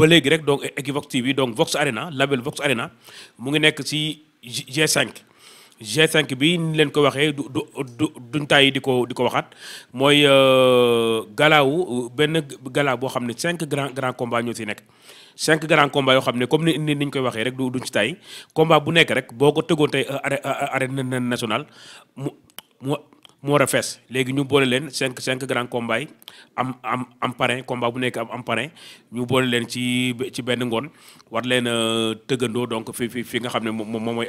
ba léegi rek donc Equivox TV donc Vox Arena label Vox Arena mu ngi nekk ci g cinq G5 bi ni leen ko waxee du du du duñ tàyyi di ko di ko waxaat mooy euh, galaawu benn galaaw boo xam ne cinq grand grand combat ñoo si nekk cinq grand combat yoo xam ne comme ni ni ñu koy waxee rek du duñ ci tàyyi combat bu nekk rek boo ko tëggoon tey euh, euh, arène nationale mu mu moo war a fees léegi ñu boole leen cinq cinq grands combats am am am parrain bu nekk am am parrain ñu boole leen ci ci benn ngoon wat leen a tëggandoo donc fi fi fi nga xam ne moom moom mooy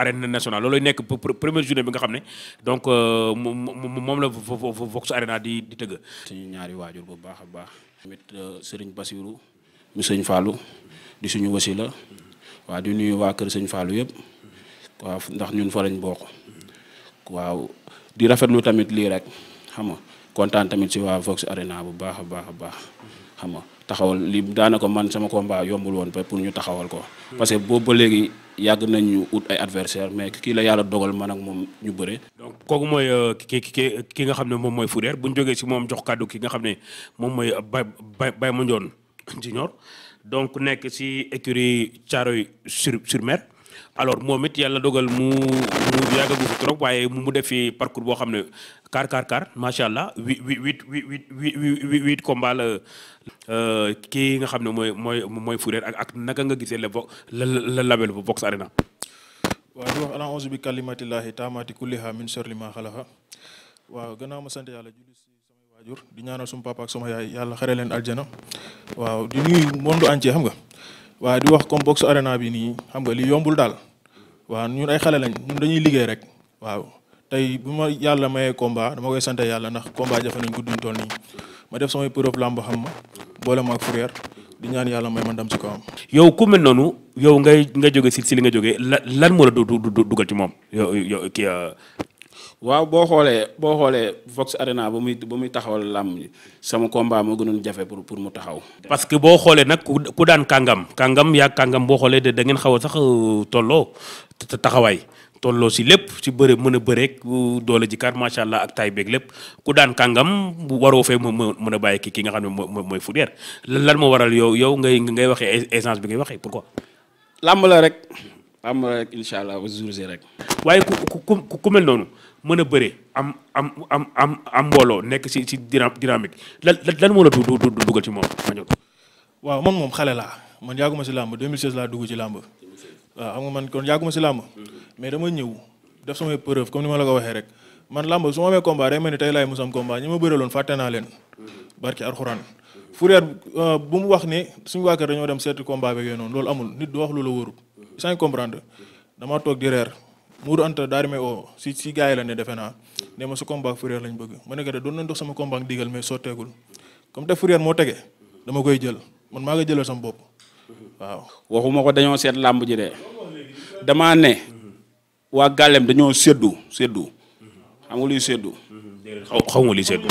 arène nationale loolooy nekk première journée bi nga xam ne donc euh, moom la Vox Arena di di tëgg. suñu ñaari waajur bu baax a baax. tamit euh, Serigne Bassirou mu sëñ Fallou di suñu wasila waa di nuyu waa kër sëñ Fallou yëpp waaw ndax ñun fa lañ waaw. di rafetlu tamit lii rek xam nga kontaan tamit si waa Vox Arena bu baax a baax a baax xam nga taxawal li daanaka man sama combat yombul woon pour ñu taxawal ko. parce que boobu ba léegi yàgg nañ ñu ut ay adversaire mais kii la yàlla dogal man ak moom ñu bëre. donc kooku mooy euh, ki ki ki nga xam ne moom mooy Fourrière bu ñu jógee si moom jox kàddu ki nga xam ne moom mooy Baye Baye Baye Mandione Junior donc nekk si écurie Thiaroye sur sur mer. alors moom it yàlla dogal mu mu yàggagu fi trop waaye mu def fi parcours boo xam ne kaar kaar kaar macha allah huit huit huit huit huit combat la euh, kii nga xam ne mooy mooy mooy Fourrière ak ak naka nga gisee la vo la label bu Vox Arena. waaw di wax ala onze bi kalimatillahi taamaati kulliha min sharri ma xalaqa waaw gannaaw ma sant yàlla julli si samay waajur di ñaanal suma papa ak sama yaay yàlla xare leen aljana waaw di nuyu monde entier xam nga. waaye di wax comme box arena bi nii xam nga li yombul daal waaw ñun ay xale lañ ñun dañuy liggéey rek waaw tey bu ma yàlla mayee combat dama koy sant yàlla ndax combat jafe nañ gudduñ tool nii ma def samay preuve làmb xam ma boole ma ak Fourrière di ñaan yàlla may ma ndam si kawam. yow ku mel noonu yow ngay nga jóge si si li nga jógee lan lan moo la du du dugal ci moom yow yow kii euh, waaw boo xoolee boo xoolee Vox Arena ba muy ba muy taxawal làmb ji sama combat moo gënoon jafe pour pour mu taxaw. parce que boo xoolee nag ku daan kàngam kàngam yaa kàngam boo xoolee da ngeen xaw a sax euh, tolloo taxawaay. tolloo si lépp si bëre mën a bëreeg euh, doole ji kar macha allah ak taay beeg lépp ku daan kàngam waroo fee mën a bàyyi ki ki nga xam ne mooy Fourrière lan moo waral yow yow ngay ngay waxee essence bi ngay waxee pour pourquoi. làmb la rek làmb la incha allah ba jour rek. noonu. mën a bëre am am am am am mbooloo nekk si si dynamique lan lan moo la dugal ci moom Mandione. waaw man moom xale laa man yàgguma si làmb 2016 laa dugg ci làmb. waaw xam nga man kon yàgguma si làmb. Mm-hmm. mais dama ñëw def samay preuve comme ni ma la ko waxee rek man làmb su ma amee combat day mel ni tey laay musam combat ñi ma bëreeloon fàtte naa leen. Mm-hmm. barki fu Fourière euh, bu mu wax ne suñu waa dañoo dem seeti combat beeg yooyu noonu loolu amul nit du wax lu la wóorul. Mm-hmm. sans comprendre dama toog di Mourou Anta daa demee oo si si gars yi la ne defe naa ne ma sa bëgg ma ne ko de doon nañ dox sama combat ak comme te Fourrière moo tege dama koy jël man maa ngi jëlal sama bopp waaw. waxuma ko dañoo seet làmb ji de damaa ne waa Gàllem dañoo séddu séddu xam séddu. xaw xaw ma luy séddu.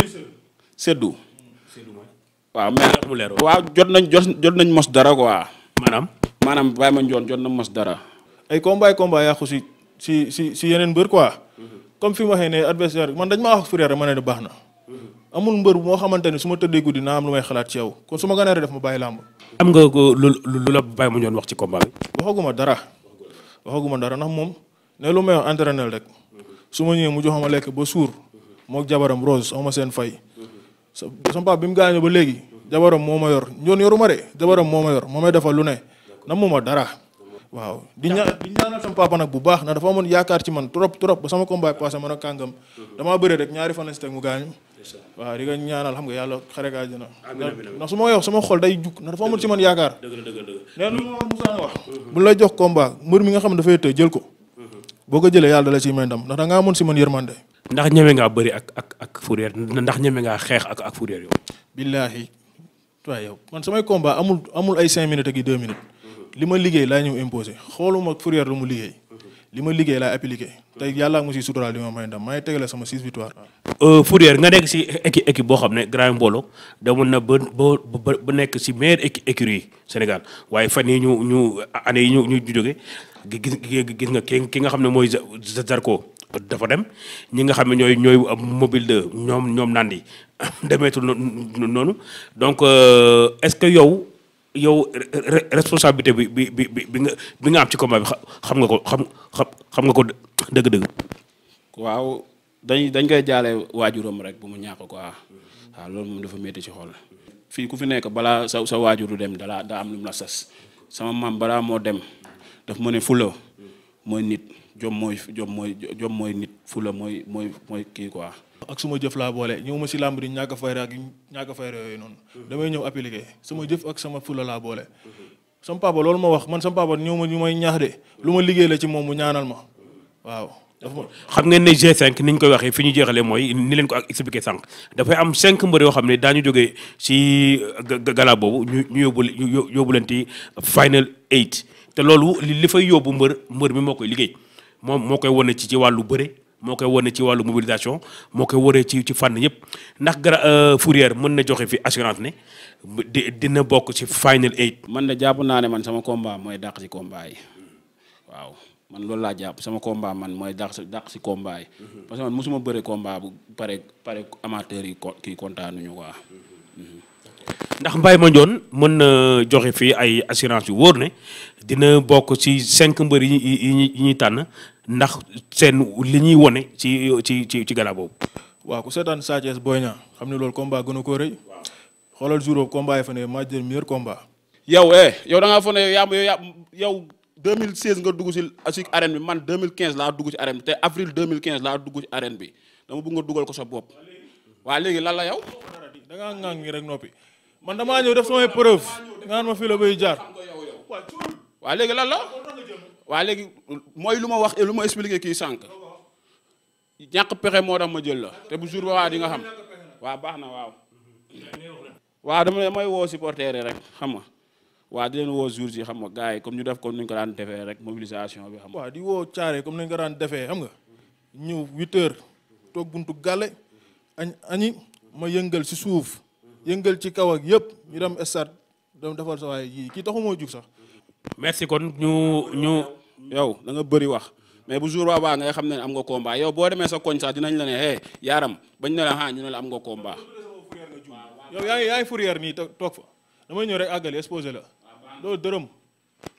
séddu. waaw mais waaw jot nañ jot jot nañ mos dara quoi. maanaam. maanaam Baye Mandione jot na mos dara. ay combat ay combat yàqu si si si yeneen mbër quoi. comme fi mu waxee ne adversaire man dañ maa wax frère ma ne baax na. amul mbër moo xamante ne su ma tëddee guddi naa am lu may xalaat ci yow kon suma ma gënee def ma bàyyi làmb. am nga lu lu la bàyyi mu ñoon wax ci combat bi. waxaguma dara waxaguma dara ndax moom ne lu may wax entraîneur rek su ma ñëwee mu jox ma lekk ba suur moog jabaram Rose ama seen fay. sa sama papa bi mu gaañoo ba léegi. jabaram moo ma yor njoon yoruma de jabaram moo ma yor moo may defal lu ne na mu ma dara. waaw di ñaan di ñaanal sama papa bu baax na dafa amoon yaakaar ci man trop trop ba sama combat passé man ak kàngam damaa bëre rek ñaari fan la si teg mu gaañu waaw di ñaanal xam nga yàlla xare ga àjjana ndax su ma wax sama xol day jug na dafa amoon ci man yaakaar nee lu ma Moussa wax jox combat mbër mi nga xam ne dafay të jël ko mhm. boo ko jëlee yàlla da la ciy may ndam ndax da ngaa amoon si man yërmande ndax ñeme ngaa bëri ak ak ak Fourrière ndax ñeme ngaa xeex ak ak Fourrière yow billaahi waaye yow man samay combat amul amul ay cinq minutes ak i deux minutes li ma liggéey laa ñëw imposé xooluma Fourrière lu mu liggéey li ma liggéey laay appliqué tey yàlla nga si suturaal li ma may ndam maa ngi tegale sama six victoire. Euh, fourrière nga nekk si équipe équipe boo xam ne Grand Mbolo demoon na ba ba ba nekk si meilleure équipe écurie Sénégal waaye fan yi ñu ñu année yi ñu ñu jóge gis gis nga ki nga xam ne mooy Zarko dafa dem ñi nga xam ne ñooy ñooy mobile de ñoom ñoom naan yi demeetul noonu donc euh, est-ce que yow. yow responsabilité bi bi bi bi nga am ci combat bi xam nga ko xam xam nga ko dëgg-dëgg. waaw dañ dañ koy jaale waajuram rek bu mu ñàkk ko waaw loolu moom dafa métti ci xol. fii ku fi nekk balaa sa sa waajuru dem dalaa daa am lu la sas sama maam balaa moo dem daf ma ne fulo mooy nit. jom mooy jom mooy jom mooy nit fula mooy mooy mooy kii quoi. ak suma jëf laa boole ñëw ma si làmb di ñàkk a fayre ak ñàkk a fayre yooyu noonu. Mm-hmm. damay ñëw appliqué sama jëf ak sama fula laa boole. Mm-hmm. sama papa loolu ma wax man sama papa ñëw ma ñu may ñaax lu ma liggéey la ci moom mu ñaanal ma waaw. xam ngeen ne G5 ni ñu koy waxee fi ñu jeexalee mooy ni leen ko ak expliqué sànq dafay am 5 mbër yoo xam ne daañu jógee si gala boobu ñu ñu yóbbu yóbbu leen ci final 8 te loolu li fay yóbbu mbër mbër mi moo koy liggéey. moom moo koy wane ci ci wàllu bëre moo koy wane ci wàllu mobilisation moo koy wane ci ci fànn yëpp ndax gara euh, Fourrière mën na joxe fi assurance ne di dina bokk ci final eight. man de jàpp naa ne man sama combat mooy dàq ci combat waaw man loolu laa jàpp sama combat man mooy dàq dàq si combat yi. Mhm. que mosuma bëre combat bu pare pare yi ko kii kontaanuñu quoi. Mhm. ndax Mbaye Mandione mën na joxe fii ay assurance yu wóor ne dina bokk ci cinq mbër yi ñuy yi ñuy tànn ndax seen li ñuy wone ci ci ci ci gala boobu. waaw ku seetaan Sa Thiès Boy Niang xam ne loolu combat gën a koo rëy xoolal jour boobu combat yi fa ne maa jël meilleur combat. yow eh yow da ngaa foog ne yow yaa yow 2016 nga dugg si si bi man 2015 laa dugg ci arène bi te avril 2015 laa dugg ci arène bi dama dugal ko sa bopp waa léegi lan la yow. da man damaa ñëw def samay preuve nga naan ma fii bay jaar. waa léegi lan waa léegi mooy lu ma wax lu ma expliqué kii sànq ñàkk pexe moo tax ma jël la te bu jour ba waa di nga xam waa baax na waaw. waa dama damay woo supporter rek xam nga waa di woo jours yi xam nga gars yi comme ñu def comme ni ñu ko daan defee rek mobilisation bi xam nga. waaw di woo caare comme ni daan defee xam nga ñëw huit heures toog buntu gale añ añi ma yëngal si suuf yëngal ci kaw ak yëpp ñu dem stade dem defal sa waay yii kii taxu moo jug sax. merci kon ñu. yow da nga bëri wax mais bu jour boobaa ngay xam ne am nga combat yow boo demee sa koñ sax dinañ la ne hey yaaram bañ ne la ah ñu ne la am nga combat. yow yaa ngi yaa ngi fourrière nii toog fa damay ñëw rek àggali exposé la loolu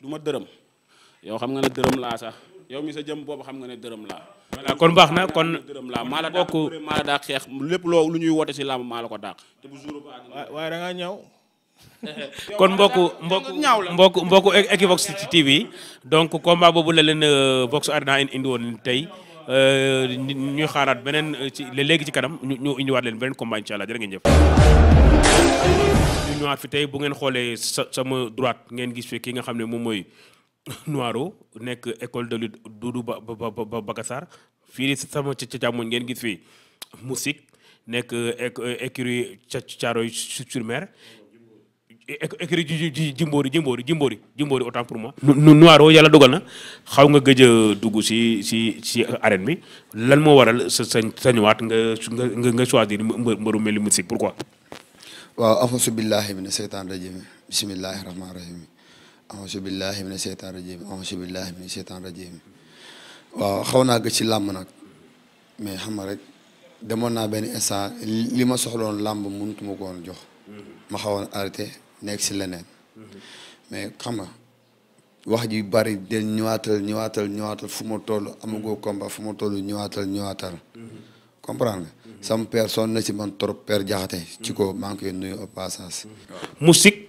du ma dërëm yow xam nga ne dërëm laa sax yow mi sa jëm boobu xam ne dërëm laa. voilà kon baax na kon dërëm laa maa la dàq maa la dàq xeex lépp loo lu ñuy woote si làmb maa la ko dàq. waaye da ngaa ñëw. kon mbokku mbokku mbokku mbokku e-, Equivox TV donc combat boobu la leen euh, Vox Arena indi woon tey euh, ñuy xaaraat beneen euh, ci léegi ci kanam ñu ñu indiwaat leen beneen combat incha allah jërë ngeen jëf. ñu ñëwaat fi tey bu ngeen xoolee sa sama droite ngeen gis fi ki nga xam ne moom mooy Noiro nekk école de lutte Doudou Ba Ba Bakassar fii sama ca càmmoñ ngeen gis fi Moussik nekk écurie Thiaroye sur Mer. écrit ji jimboori jimboori jimboori jimboori pour moi Noiro yàlla dogal na xaw nga gëj dugg si si si arène bi lan moo waral sa sa sañuwaat nga nga nga choisir mbëru mel ni musique pourquoi waaw axusu billahi mina seytaan rajim bismillahi waaw xaw naa gëj si làmb nag mais xam na rek demoon naa benn instant li ma soxloon làmb mënutuma ko woon jox ma xawoon arrêté nekk ci leneen mais xam nga wax ji bari del ñëwaatal ñëwaatal ñëwaatal fu ma toll amagoo combat fu ma toll ñëwaatal ñëwaatal comprendre nga sama personne na si man trop père jaxate ci ko maa ngi koy nuyu au passage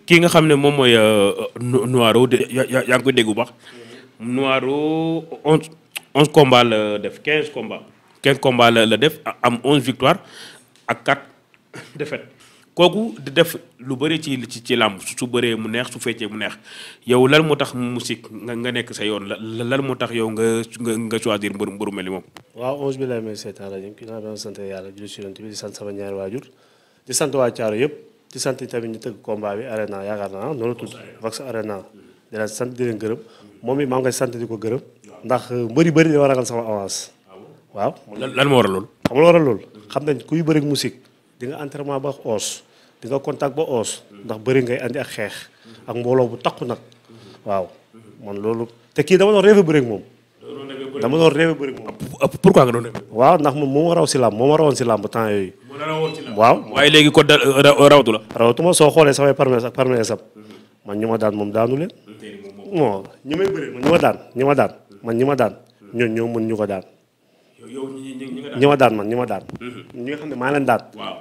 ki nga xam ne moom mooy euh, Noiro yaa ngi koy dégg bu baax Noiro onze onze combat la def quinze combat quinze combat la la def am onze victoire ak quatre défaite kooku di def lu bëri ci ci ci làmb su bëree mu neex su feccee mu neex yow lan moo tax musique nga nga nekk sa yoon lan moo tax yow nga nga choisir mbëru mbëru mel ni moom. waaw onze billahi min seytaan rajim ki naa doon sant yàlla julli si yonent bi di sant sama ñaari waajur di sant waa Caaro yëpp di sant tamit ñu tëgg combat bi arena yaakaar naa noonu tudd Vox arena di leen sant di leen gërëm moom it maa ngi koy sant di ko gërëm ndax mbëri bëri dafa ragal sama avance ah waaw lan moo waral a xam nga waral loolu xam nañ kuy bëri di nga entraînement ba oos di nga contact ba oos ndax bëri ngay andi ak xeex ak mbooloo bu takku nag waaw man loolu te kii dama doon rêve bëri moom dama doon rêve bëri ak moom pourquoi waaw ndax moom moo ma raw si làmb moo ma rawoon si làmb temps yooyu waaw waaye léegi ko euh, rawatu la rawatuma soo xoolee samay parmès ak parmès am man ñu ma daan moom daanu leen non ñi may bëri ñi ma daan ñi daan man ñi ma daan ñoon ñoo mën ko daan yow ñi ñi ñi nga daan ñi ma daan man ñi ma daan. Mm-hmm.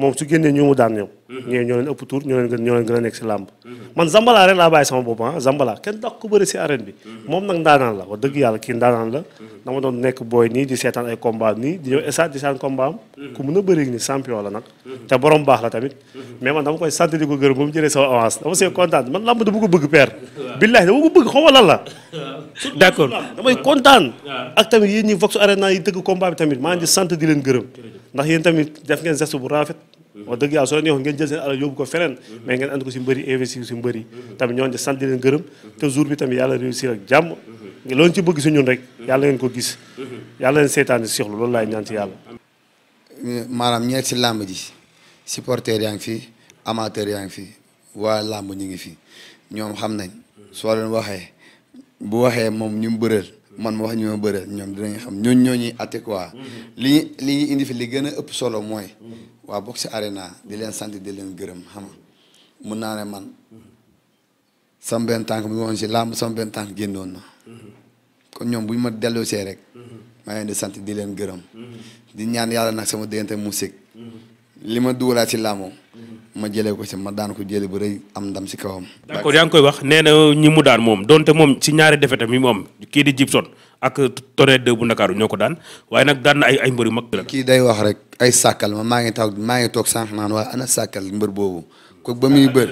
moom su génnee ñu mu daan ñoom mhm. ñee ñoo leen ëpp tour ñoo leen gën ñoo leen gën a nekk si làmb man Zambala ren laa bàyyi sama bopp ah Zambala kenn dàq ko bëri si arène bi mhm. moom nag ndaanaan la wax dëgg yàlla kii ndaanaan la mhm. dama doon nekk booy nii di seetaan ay combat ku mën a bëri ni champion la nag te borom baax la tamit mais dama koy sant di ko gërëm ba mu jëlee sama avance dama see kontaan man làmb dama ko bëgg père billahi dama ko bëgg xaw ma damay ndax yéen tamit def ngeen geste bu rafet wax dëgg yàlla soo leen yoxoon ngeen jël seen yóbbu ko feneen mais ngeen and ko si mbëri investir si mbëri tamit ñoon di sant di leen gërëm te jour bi tamit yàlla réussir ak jàmm loolu ci bëgg si ñun rek yàlla ngeen ko gis yàlla leen seetaan si soxla loolu laay ñaan ci yàlla maanaam ñeeg si làmb ji supporters yaa ngi fi amateur yaa ngi fi waa làmb ñu ngi fi ñoom xam nañ soo leen waxee bu waxee moom ñu mbëreel man ma wax ñu ma ñoom dinañ xam ñooñ ñoo ñuy atte quoi mm-hmm. li ñu li ñuy indi fi li gën a ëpp solo mooy waa Box Arena di leen sant di leen gërëm xam mun naa ne man sama benn tànk mu si làmb sama benn tànk génnoon na mm-hmm. kon ñoom bu ñu ma delloosee rek mm-hmm. maa leen di sant di leen gërëm di ñaan yàlla nag sama diggante musique li ma dugalaat si làmb ma jëlee ko si ma daan ko jëlee bu rëy am ndam si kawam. d'accord yaa ngi koy wax nee na ñi mu daan moom donte moom si ñaari défaite mi moom kii di Jibson ak Tonnerre 2 bu Ndakaaru ñoo ko daan waaye nag daan na ay ay mbër yu mag. kii day wax rek ay sàkkal ma maa ngi taw maa ngi toog sànq naan waaye ana sàkkal mbër boobu ko ba muy bër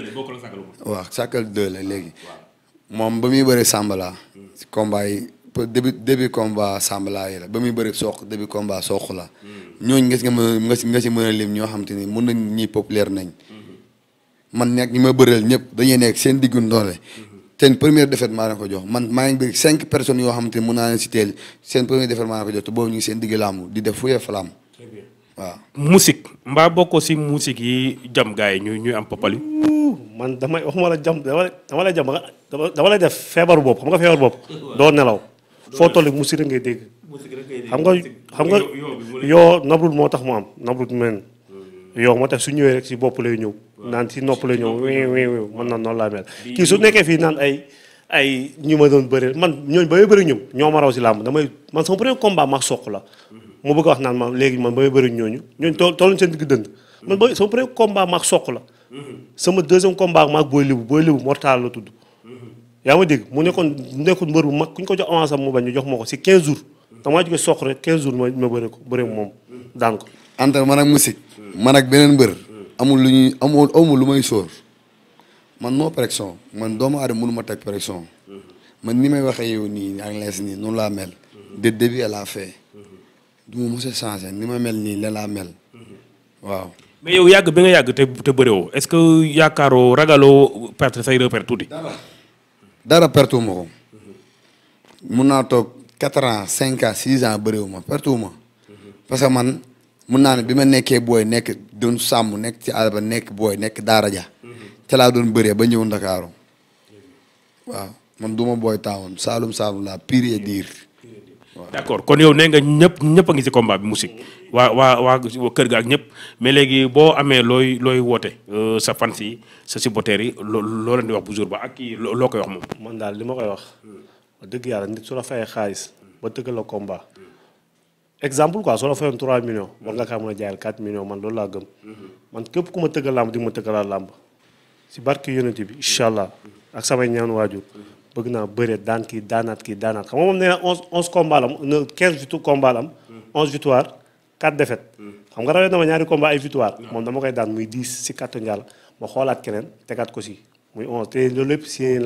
waaw sàkkal 2 la léegi moom ba muy bëri Sambala si hmm. combat yi début début combat Sambala yi la ba muy bëri soq début combat soq la hmm. ñooñ nga si nga si nga si mën a lim ñoo xam te ni mën nañ ñii populaire nañ hmm. man nekk ñi ma bëreel ñëpp dañuy nekk seen diggu doole seen première défaite maa leen ko jox man maa ngi bëgg cinq personnes yoo xamante ne mën naa leen si teel seen première défaite maa leen ko jox te boobu ñu ngi seen digg laamu di def fuyee falaam mbaa bokkoo si musique yi jam yi ñuy ñuy am Papali man damay waxuma la jam dama dama la jam dama lay def feebaru bopp xam nga bopp doo nelaw foo toll musique rek ngay dégg xam nga xam nga yoo nabrut moo tax mu am nabrut men hmm. yoo moo su ñëwee rek si bopp lay ñëw naan si nopp la ñëw wii wii man naan noonu laa mel kii su nekkee fii naan ay ay ñu ma doon bëreel man ñooñ ba may bëri ñoom ñoo ma raw si làmb damay man sama ma soq la mm-hmm. mu bëgg a wax ma léegi man ba may bëri ñooñu ñooñ tool tooluñ seen digg dënd man ba mm-hmm. sama premier combat maag soq la mm-hmm. sama deuxième combat maag booy libu booy libu mortal la tudd yaa ma dégg mu nekkoon nekkul mbër bu mag ku ñu ko jox avance am mu ñu jox ma ko si 15 jours damaa jóge soq rek 15 jours ma ma bëri ko bëri moom daan ko entre man ak musique man ak beneen mbër amul lu ñuy amul amul lu may sóor man noo pression man doomu aadama mënu ma teg pression man ni may waxee yow nii ak lees nii noonu laa mel. de début à la fin. du ma mos a changé ni ma mel nii la laa mel. waaw. mais yow yàgg bi nga yàgg te te bëriwoo est-ce que yaakaaroo ragaloo perte say repère tuuti. dara dara perte wu ma ko. mun naa toog quatre ans cinq ans six ans bëriwu ma perte wu ma. parce que man mun naa ne bi ma nekkee booy nekk doon sàmm nekk ci àll ba nekk booy nekk daara ja ca laa doon bëree ba ñëw ndakaaru waaw man du ma booy taawoon saalum saalum laa pire et dire waaw. d'accord kon yow nee nga ñëpp ñëpp a ngi si combat bi musique waa waa waa kër ga ak ñëpp mais léegi boo amee looy looy woote euh, sa fans yi sa supporters yi loo loo leen di wax bu jour ba ak kii loo koy wax moom. man daal li ma koy wax. dëgg yàlla nit su la fayee xaalis ba tëggal la combat. exemple quoi soo la fayoon 3 millions war nga kaa mën a jaayal 4 millions man loolu laa gëm man képp ku ma tëggal làmb di ma tëggalal làmb si barke yonent bi incha allah ak samay ñaan waajur bëgg naa bëre daan kii daanaat kii daanaat xam nga moom nee na onze onze combat am ne quinze victoire combat onze victoire quatre défaites xam nga rawee na ma ñaari combat ay victoire moom dama koy daan muy 10 si kàttu njàll ma xoolaat keneen tegaat ko si muy onze te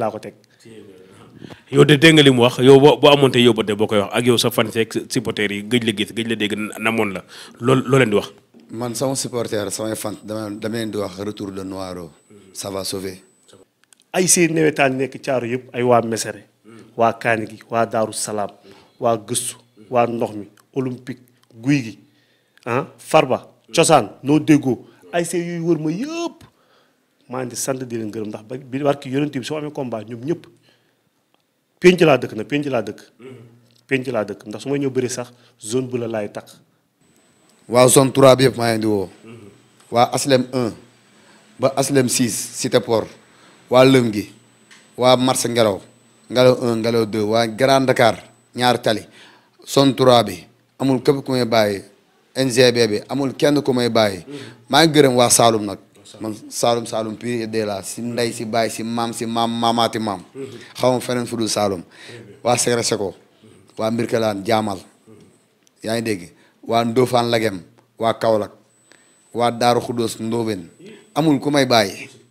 laa ko teg yow de dégg nga li mu wax yow boo boo amoon boo koy wax ak yow sa fan seeg supporters yi gëj la gis gëj la dégg namoon la lool loo leen di wax. man sama supporter samay fan dama dama leen di wax retour de Noiro ça va sauver. ay seen nawetaan nekk caaru yëpp ay waa Mesere. waa Kaani gi waa Daaru Salaam. waa Gëstu. waa Ndox mi Olympique guy gi ah Farba. cosaan noo déggoo ay see yooyu wër ma yëpp maa ngi di sant di leen gërëm ndax ba bi barki yonent bi soo amee combat ñoom ñëpp penc laa dëkk na penc laa dëkk. laa dëkk ndax su may ñëw bëri sax zone bula la laay takk. waa zone 3 bi yëpp maa ngi waa aslem 1 ba aslem 6 cité waa lëm waa marché ngelaw ngelaw 1 ngelaw 2 waa Grand Dakar ñaar tali zone 3 bi amul képp ku may bàyyi kenn ku may waa Saalum nag. man salum Saalum pur et de la si ndey si baay si maam si maam maamaati maam xaw ma feneen fu dul Saalum waa Segre Seko waa Mbirkelaan Jaamal yaa ngi dégg waa Ndofaan Lagem waa Kaolack waa Daaru Xuddoos Ndóobeen amul ku may bàyyi.